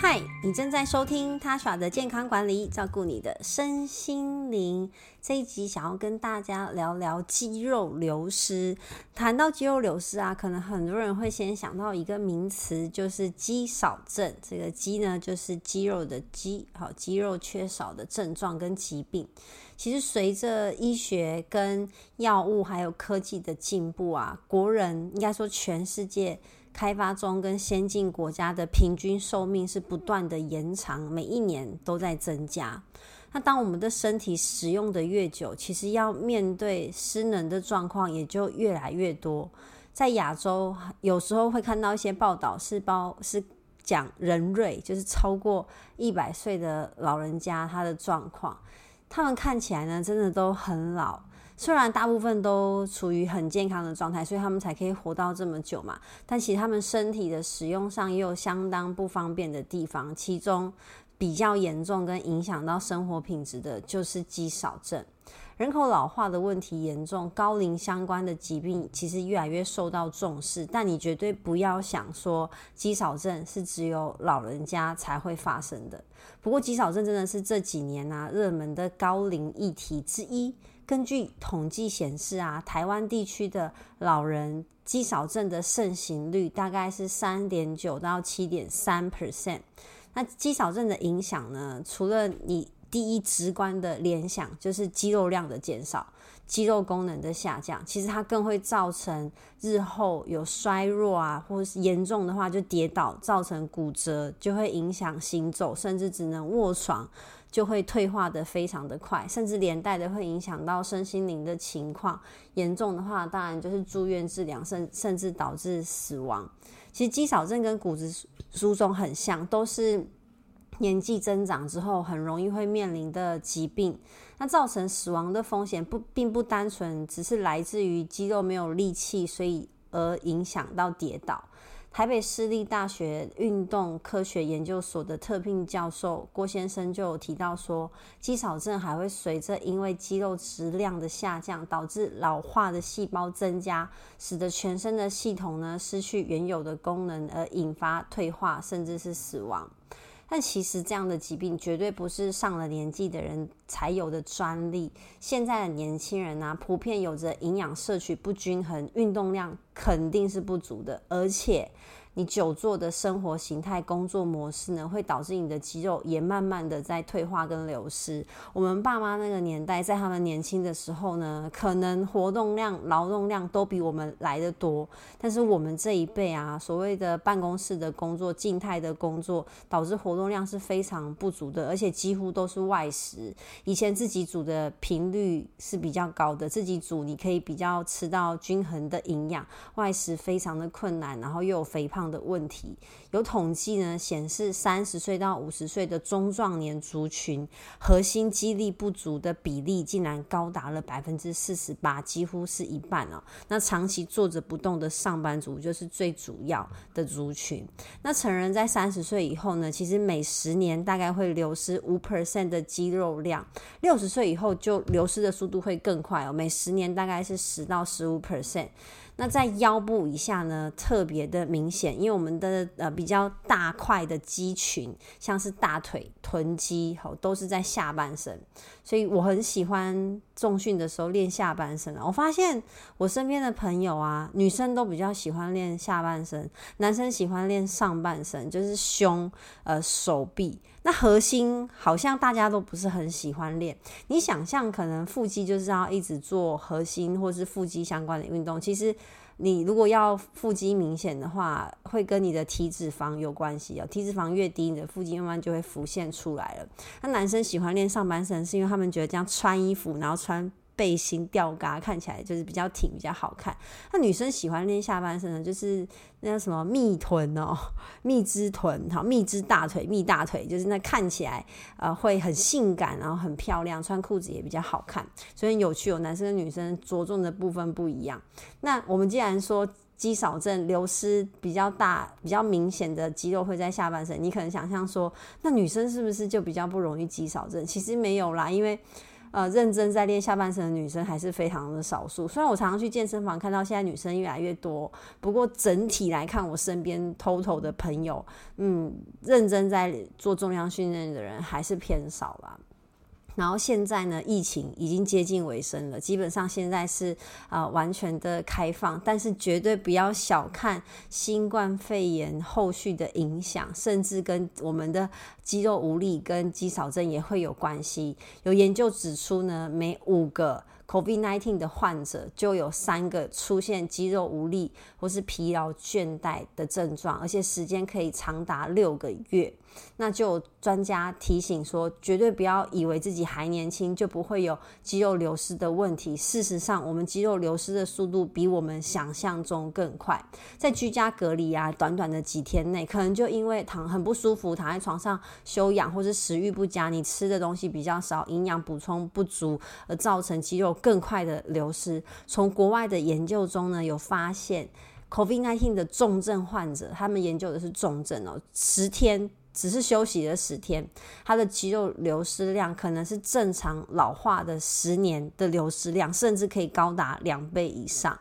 嗨，你正在收聽 Tasha 的健康管理，照顧你的身心靈。這一集想要跟大家聊聊肌肉流失。談到肌肉流失啊，可能很多人會先想到一個名詞，就是肌少症。這個肌呢，就是肌肉的肌，好，肌肉缺少的症狀跟疾病。其實隨着醫學跟藥物還有科技的進步啊，國人應該說全世界。開發中跟先進國家的平均壽命是不斷的延長，每一年都在增加。那當我們的身體使用的越久，其實要面對失能的狀況也就越來越多。在亞洲，有時候會看到一些報道，是包是講人瑞，就是超過一百歲的老人家，他的狀況，他們看起來呢，真的都很老。雖然大部分都處於很健康的狀態，所以他們才可以活到這麼久嘛。但其實他們身體的使用上也有相當不方便的地方，其中比較嚴重跟影響到生活品質的就是肌少症。人口老化的問題嚴重，高齡相關的疾病其實越來越受到重視。但你絕對不要想說肌少症是只有老人家才會發生的。不過肌少症真的是這幾年啊，熱門的高齡議題之一。根據統計顯示啊，台灣地區的老人肌少症的盛行率大概是三點九到七點三%。那肌少症的影響呢？除了你第一直觀的聯想就是肌肉量的減少、肌肉功能的下降，其實它更會造成日後有衰弱啊，或是嚴重的話就跌倒，造成骨折，就會影響行走，甚至只能臥床。就會退化的非常的快，甚至連帶的會影響到身心靈的情況。嚴重的話，當然就是住院治療，甚甚至導致死亡。其實肌少症跟骨質疏鬆很像，都是年紀增長之後很容易會面臨的疾病。那造成死亡的風險不，並不單純，只是來自於肌肉沒有力氣，所以而影響到跌倒。臺北市立大學運動科學研究所的特聘教授郭先生就提到說，肌少症還會隨着，因為肌肉質量的下降，導致老化的細胞增加，使得全身的系統呢，失去原有的功能，而引發退化甚至是死亡。但其實這樣的疾病絕對不是上了年紀的人才有的專利。現在的年輕人啊，普遍有着營養攝取不均衡，運動量肯定是不足的，而且。你久坐的生活形態、工作模式呢，會導致你的肌肉也慢慢的在退化跟流失。我們爸媽那個年代，在他們年輕的時候呢，可能活動量、勞動量都比我們來得多。但是我們這一輩啊，所謂的辦公室的工作、靜態的工作，導致活動量是非常不足的，而且幾乎都是外食。以前自己煮的頻率是比較高的，自己煮你可以比較吃到均衡的營養，外食非常的困難，然後又有肥胖。的問題。有統計呢，顯示三十歲到五十歲的中壯年族群核心肌力不足的比例竟然高達了百分之四十八，幾乎是一半哦。那長期坐着不動的上班族就是最主要的族群。那成人在三十歲以後呢，其實每十年大概會流失五 percent 的肌肉量，六十歲以後就流失的速度會更快哦，每十年大概是十到十五 percent。那在腰部以下呢，特別的明顯，因為我們的呃比較大塊的肌群，像是大腿、臀肌吼，都是在下半身，所以我很喜歡重訓的時候練下半身。我發現我身邊的朋友啊，女生都比較喜歡練下半身，男生喜歡練上半身，就是胸、呃手臂。那核心好像大家都不是很喜歡練。你想象，可能腹肌就是要一直做核心或是腹肌相關的運動。其實你如果要腹肌明顯的話，會跟你的體脂肪有關係啊、喔。體脂肪越低，你的腹肌慢慢就會浮現出來了。那男生喜歡練上半身，是因為他們覺得這樣穿衣服，然後穿。背心吊嘎看起來就是比較挺，比較好看。那女生喜歡練下半身呢，就是那叫什麼蜜臀哦、喔，蜜汁臀，好蜜汁大腿，蜜大腿，就是那看起來呃會很性感，然後很漂亮，穿褲子也比較好看。所以有趣，有男生跟女生着重的部分不一樣。那我們既然說肌少症流失比較大、比較明顯的肌肉會在下半身，你可能想象說，那女生是不是就比較不容易肌少症？其實沒有啦，因為。呃，認真在練下半身的女生還是非常的少數。雖然我常常去健身房看到現在女生越來越多，不過整體來看，我身邊偷偷的朋友，嗯，認真在做重量訓練的人還是偏少吧。然後現在呢，疫情已經接近尾聲了，基本上現在是啊、呃、完全的開放，但是絕對不要小看新冠肺炎後續的影響，甚至跟我們的肌肉無力跟肌少症也會有關係。有研究指出呢，每五個 COVID-19 的患者就有三個出現肌肉無力或是疲勞倦怠的症狀，而且時間可以長達六個月。那就有專家提醒說，絕對不要以為自己還年輕就不會有肌肉流失的問題。事實上，我們肌肉流失的速度比我們想象中更快。在居家隔離啊，短短的幾天內，可能就因為躺很不舒服，躺在床上休養，或是食慾不佳，你吃的東西比較少，營養補充不足，而造成肌肉更快的流失。從國外的研究中呢，有發現 COVID-19 的重症患者，他們研究的是重症哦，十天。只是休息了十天，它的肌肉流失量可能是正常老化的十年的流失量，甚至可以高達兩倍以上。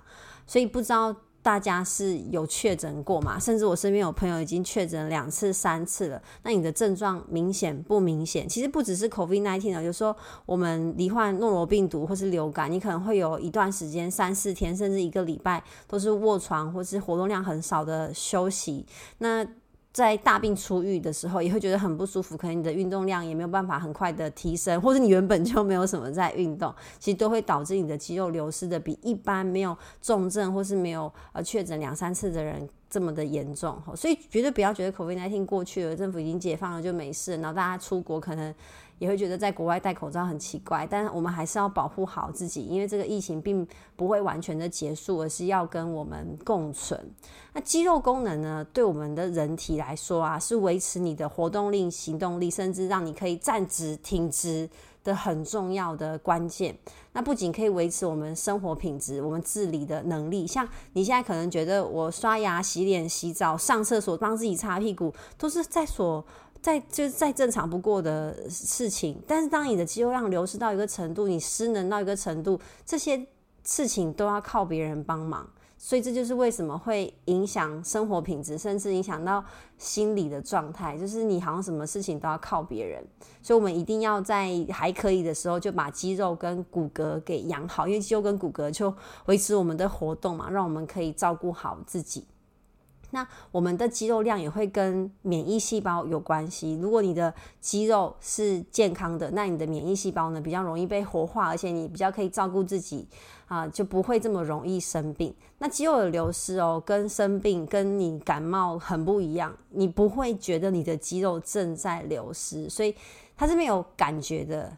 所以不知道大家是有確診過嗎？甚至我身邊有朋友已經確診兩次、三次了。那你的症狀明顯不明顯？其實不只是 COVID-19，有時候我們罹患諾羅病毒或是流感，你可能會有一段時間，三四天甚至一個禮拜都是臥床或是活動量很少的休息。那。在大病初癒的時候，也會覺得很不舒服。可能你的運動量也沒有辦法很快的提升，或者你原本就沒有什麼在運動，其實都會導致你的肌肉流失的比一般沒有重症或是沒有呃確診兩三次的人這麼的嚴重。所以絕對不要覺得 COVID-19 過去了，政府已經解放了就沒事，然後大家出國可能。也會覺得在國外戴口罩很奇怪，但我們還是要保護好自己，因為這個疫情並不會完全的結束，而是要跟我們共存。那肌肉功能呢？對我們的人體來說啊，是維持你的活動力、行動力，甚至讓你可以站直、挺直的很重要的關鍵。那不僅可以維持我們生活品質，我們自理的能力，像你現在可能覺得我刷牙、洗臉、洗澡、上廁所、幫自己擦屁股，都是在所。再就是再正常不過的事情，但是當你的肌肉量流失到一個程度，你失能到一個程度，這些事情都要靠別人幫忙，所以這就是為什麼會影響生活品質，甚至影響到心理的狀態，就是你好像什麼事情都要靠別人，所以我們一定要在還可以的時候就把肌肉跟骨骼給養好，因為肌肉跟骨骼就維持我們的活動嘛，讓我們可以照顧好自己。那我們的肌肉量也會跟免疫細胞有關係。如果你的肌肉是健康的，那你的免疫細胞呢比較容易被活化，而且你比較可以照顧自己啊，就不會這麼容易生病。那肌肉的流失哦，跟生病跟你感冒很不一樣，你不會覺得你的肌肉正在流失，所以它是沒有感覺的。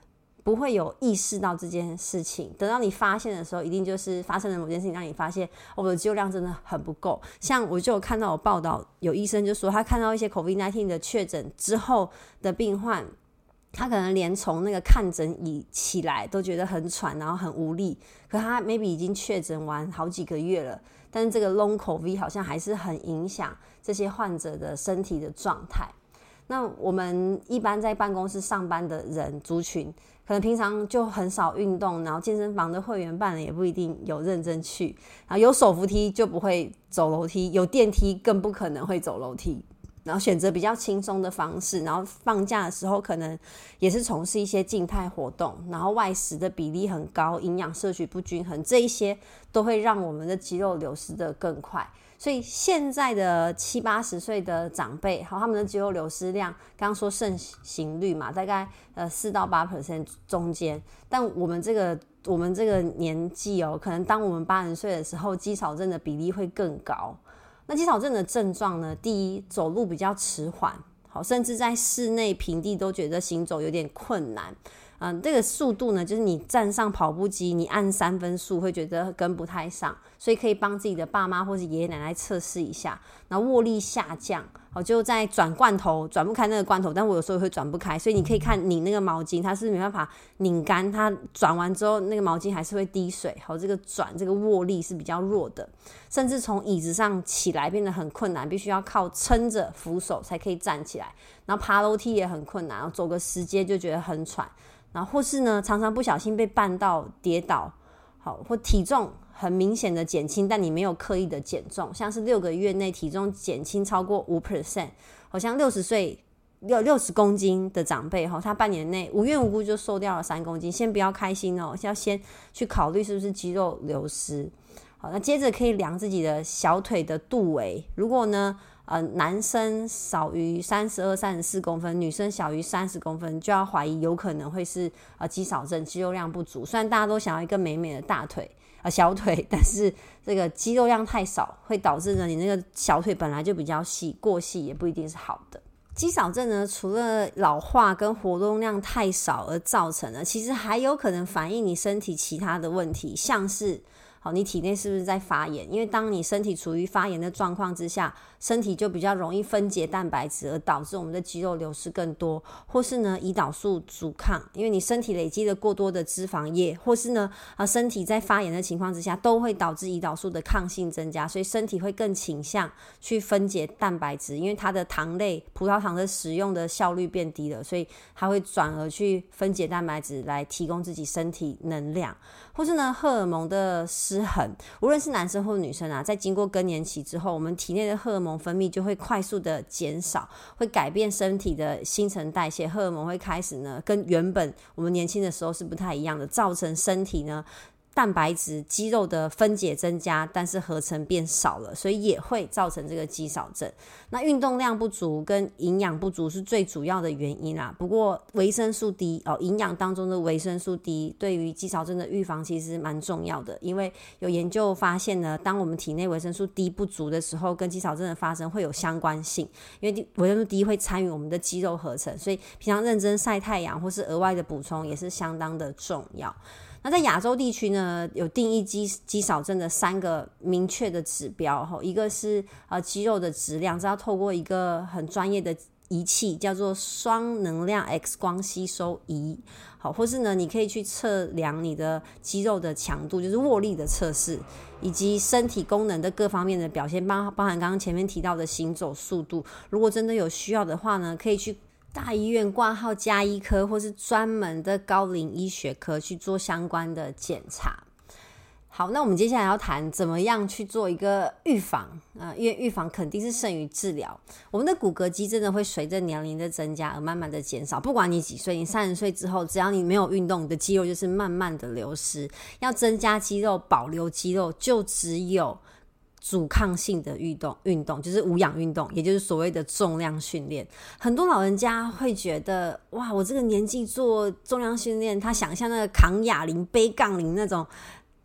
不會有意識到這件事情，等到你發現的時候，一定就是發生了某件事情讓你發現，哦，我的肌肉量真的很不夠。像我就有看到有報道，有醫生就說他看到一些 COVID-19 的確診之後的病患，他可能連從那個看診椅起來都覺得很喘，然後很無力。可他 maybe 已經確診完好幾個月了，但是這個 Long COVID 好像還是很影響這些患者的身體的狀態。那我們一般在辦公室上班的人族群。可能平常就很少運動，然後健身房的會員辦了也不一定有認真去，然後有手扶梯就不會走樓梯，有電梯更不可能會走樓梯，然後選擇比較輕鬆的方式，然後放假的時候可能也是從事一些靜態活動，然後外食的比例很高，營養攝取不均衡，這一些都會讓我們的肌肉流失的更快。所以現在的七八十歲的長輩，好，他們的肌肉流失量，剛剛說盛行率嘛，大概呃四到八 percent 中間。但我們這個我們這個年紀哦，可能當我們八十歲的時候，肌少症的比例會更高。那肌少症的症狀呢？第一，走路比較遲緩，好，甚至在室內平地都覺得行走有點困難。嗯，這個速度呢，就是你站上跑步機，你按三分速，會覺得跟不太上，所以可以幫自己的爸媽或者爺爺奶奶測試一下。那握力下降，好，就在轉罐頭轉不開那個罐頭，但我有時候也會轉不開，所以你可以看擰那個毛巾，它是，是沒辦法擰乾，它轉完之後那個毛巾還是會滴水。好，這個轉這個握力是比較弱的，甚至從椅子上起來變得很困難，必須要靠撐着扶手才可以站起來，然後爬樓梯也很困難，然後走個十階就覺得很喘。然後或是呢，常常不小心被絆到跌倒，好，或體重很明顯的減輕，但你沒有刻意的減重，像是六個月內體重減輕超過五 percent，好像六十歲六六十公斤的長輩哦，他半年內無緣無故就瘦掉了三公斤，先不要開心哦，要先去考慮是不是肌肉流失。好，那接着可以量自己的小腿的肚圍，如果呢？呃、男生少於三十二、三十四公分，女生少於三十公分，就要懷疑有可能會是呃肌少症，肌肉量不足。雖然大家都想要一個美美的大腿、呃、小腿，但是這個肌肉量太少，會導致呢你那個小腿本來就比較細，過細也不一定是好的。肌少症呢，除了老化跟活動量太少而造成的，其實還有可能反映你身體其他的問題，像是。好，你體內是不是在發炎？因為當你身體處於發炎的狀況之下，身體就比較容易分解蛋白質，而導致我們的肌肉流失更多。或是呢，胰島素阻抗，因為你身體累積了過多的脂肪液，或是呢，啊，身體在發炎的情況之下，都會導致胰島素的抗性增加，所以身體會更傾向去分解蛋白質，因為它的糖類、葡萄糖的使用的效率變低了，所以它會轉而去分解蛋白質來提供自己身體能量。或是呢，荷爾蒙的失衡，無論是男生或女生啊，在經過更年期之後，我們體內的荷爾蒙分泌就會快速的減少，會改變身體的新陳代謝，荷爾蒙會開始呢，跟原本我們年輕的時候是不太一樣的，造成身體呢，蛋白質肌肉的分解增加，但是合成變少了，所以也會造成這個肌少症。那運動量不足跟營養不足是最主要的原因啦、啊。不過維生素 D 哦，營養當中的維生素 D 對於肌少症的預防其實蠻重要的，因為有研究發現呢，當我們體內維生素 D 不足的時候，跟肌少症的發生會有相關性。因為維生素 D 會參與我們的肌肉合成，所以平常認真曬太陽或是額外的補充也是相當的重要。那在亞洲地區呢，有定義肌肌少症的三個明確的指標哈，一個是呃肌肉的質量，只要透過一個很專業的儀器，叫做雙能量 X 光吸收儀，好，或是呢你可以去測量你的肌肉的強度，就是握力的測試，以及身體功能的各方面的表現，包包含剛剛前面提到的行走速度，如果真的有需要的話呢，可以去。大醫院掛號，家醫科，或是專門的高齡醫學科去做相關的檢查。好，那我們接下來要談怎麼樣去做一個預防啊、呃，因為預防肯定是勝於治療。我們的骨骼肌真的會隨着年齡的增加而慢慢的減少，不管你幾歲，你三十歲之後，只要你沒有運動，你的肌肉就是慢慢的流失。要增加肌肉，保留肌肉，就只有。阻抗性的運動，運動就是無氧運動，也就是所謂的重量訓練。很多老人家會覺得，哇，我這個年紀做重量訓練，他想象那個扛啞鈴、背槓鈴那種，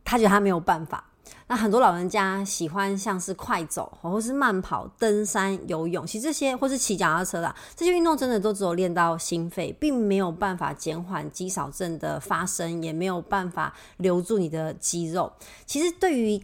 他覺得他沒有辦法。那很多老人家喜歡像是快走，或是慢跑、登山、游泳，其實這些或是騎腳踏車的、啊、這些運動，真的都只有練到心肺，並沒有辦法減緩肌少症的發生，也沒有辦法留住你的肌肉。其實對於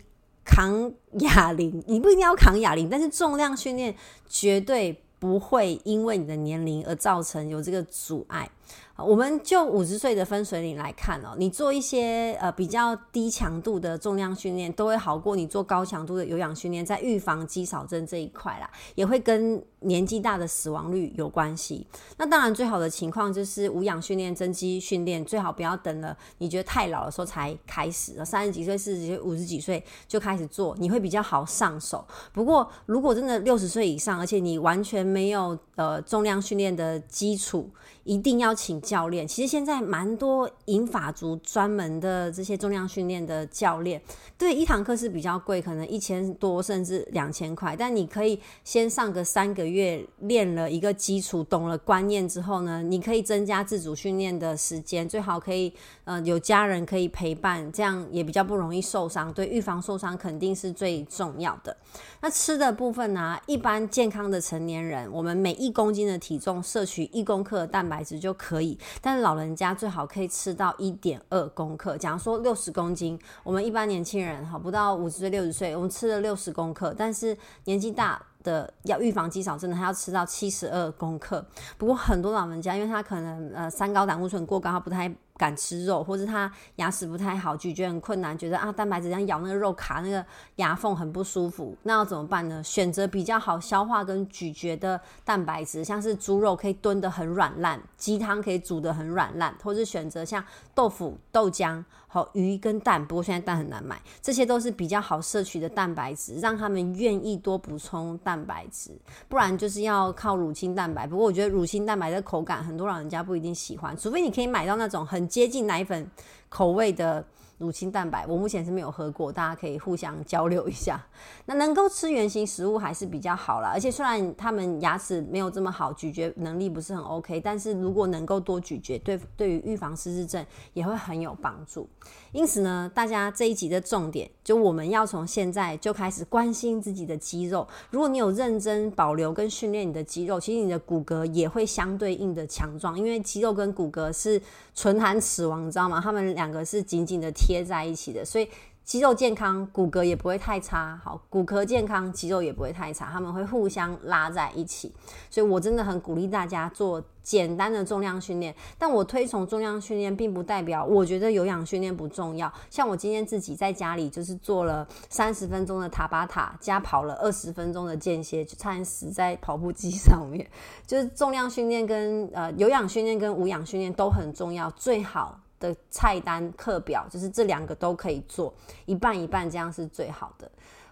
扛啞鈴，你不一定要扛啞鈴，但是重量訓練絕對不會因為你的年齡而造成有這個阻礙。啊、我們就五十歲的分水嶺來看哦、喔，你做一些呃比較低強度的重量訓練，都會好過你做高強度的有氧訓練。在預防肌少症這一塊啦，也會跟年紀大的死亡率有關係。那當然，最好的情況就是無氧訓練、增肌訓練，最好不要等了。你覺得太老的時候才開始，三十幾歲、四十幾歲、五十幾歲就開始做，你會比較好上手。不過，如果真的六十歲以上，而且你完全沒有呃重量訓練的基礎，一定要。請教練，其實現在蠻多引法族專門的這些重量訓練的教練，對，一堂課是比較貴，可能一千多甚至兩千塊。但你可以先上個三個月，練了一個基礎，懂了觀念之後呢，你可以增加自主訓練的時間，最好可以呃有家人可以陪伴，這樣也比較不容易受傷。對，預防受傷肯定是最重要的。那吃的部分呢、啊，一般健康的成年人，我們每一公斤的體重攝取一公克的蛋白質就。可以，但是老人家最好可以吃到一點二公克。假如說六十公斤，我們一般年輕人哈，不到五十歲、六十歲，我們吃了六十公克，但是年紀大的要預防肌少症的，他要吃到七十二公克。不過很多老人家，因為他可能呃三高、膽固醇過高，他不太敢吃肉，或者他牙齒不太好，咀嚼很困難，覺得啊蛋白質像咬那個肉卡那個牙縫很不舒服，那要怎麼辦呢？選擇比較好消化跟咀嚼的蛋白質，像是豬肉可以燉得很軟爛，雞湯可以煮得很軟爛，或者選擇像豆腐、豆漿好、哦、魚跟蛋，不過現在蛋很難買，這些都是比較好攝取的蛋白質，讓他們願意多補充蛋白質，不然就是要靠乳清蛋白。不過我覺得乳清蛋白的口感很多老人家不一定喜歡，除非你可以買到那種很。接近奶粉口味的。乳清蛋白，我目前是沒有喝過，大家可以互相交流一下。那能夠吃原型食物還是比較好啦，而且雖然他們牙齒沒有這麼好，咀嚼能力不是很 OK，但是如果能夠多咀嚼，對對於預防失智症也會很有幫助。因此呢，大家這一集的重點，就我們要從現在就開始關心自己的肌肉。如果你有認真保留跟訓練你的肌肉，其實你的骨骼也會相對應的強壯，因為肌肉跟骨骼是唇寒齒亡，你知道嗎？他們兩個是緊緊的貼。貼在一起的，所以肌肉健康，骨骼也不會太差。好，骨骼健康，肌肉也不會太差，他們會互相拉在一起。所以我真的很鼓勵大家做簡單的重量訓練。但我推崇重量訓練，並不代表我覺得有氧訓練不重要。像我今天自己在家裡就是做了三十分鐘的塔巴塔，加跑了二十分鐘的間歇，就差點死在跑步機上面。就是重量訓練跟、呃有氧訓練跟無氧訓練都很重要，最好的菜單課表，就是這兩個都可以做，一半一半，這樣是最好的。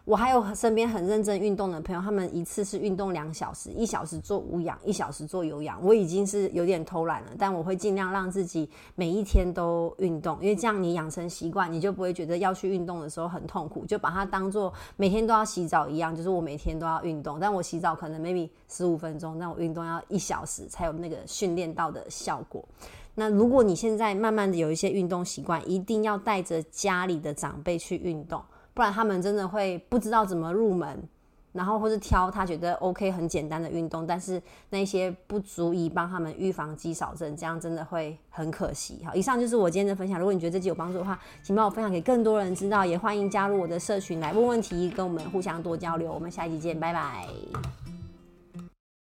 我還有身邊很認真運動的朋友，他們一次是運動兩小時，一小時做無氧，一小時做有氧。我已經是有點偷懶了，但我會盡量讓自己每一天都運動，因為這樣你養成習慣，你就不會覺得要去運動的時候很痛苦，就把它當做每天都要洗澡一樣，就是我每天都要運動。但我洗澡可能 maybe 十五分鐘，但我運動要一小時才有那個訓練到的效果。那如果你現在慢慢的有一些運動習慣，一定要帶着家裡的長輩去運動。不然他們真的會不知道怎麼入門，然後或是挑他覺得 OK 很簡單的運動，但是那些不足以幫他們預防肌少症，這樣真的會很可惜。好，以上就是我今天的分享。如果你覺得這集有幫助的話，請幫我分享給更多人知道，也歡迎加入我的社群來問問題，跟我們互相多交流。我們下一期見，拜拜。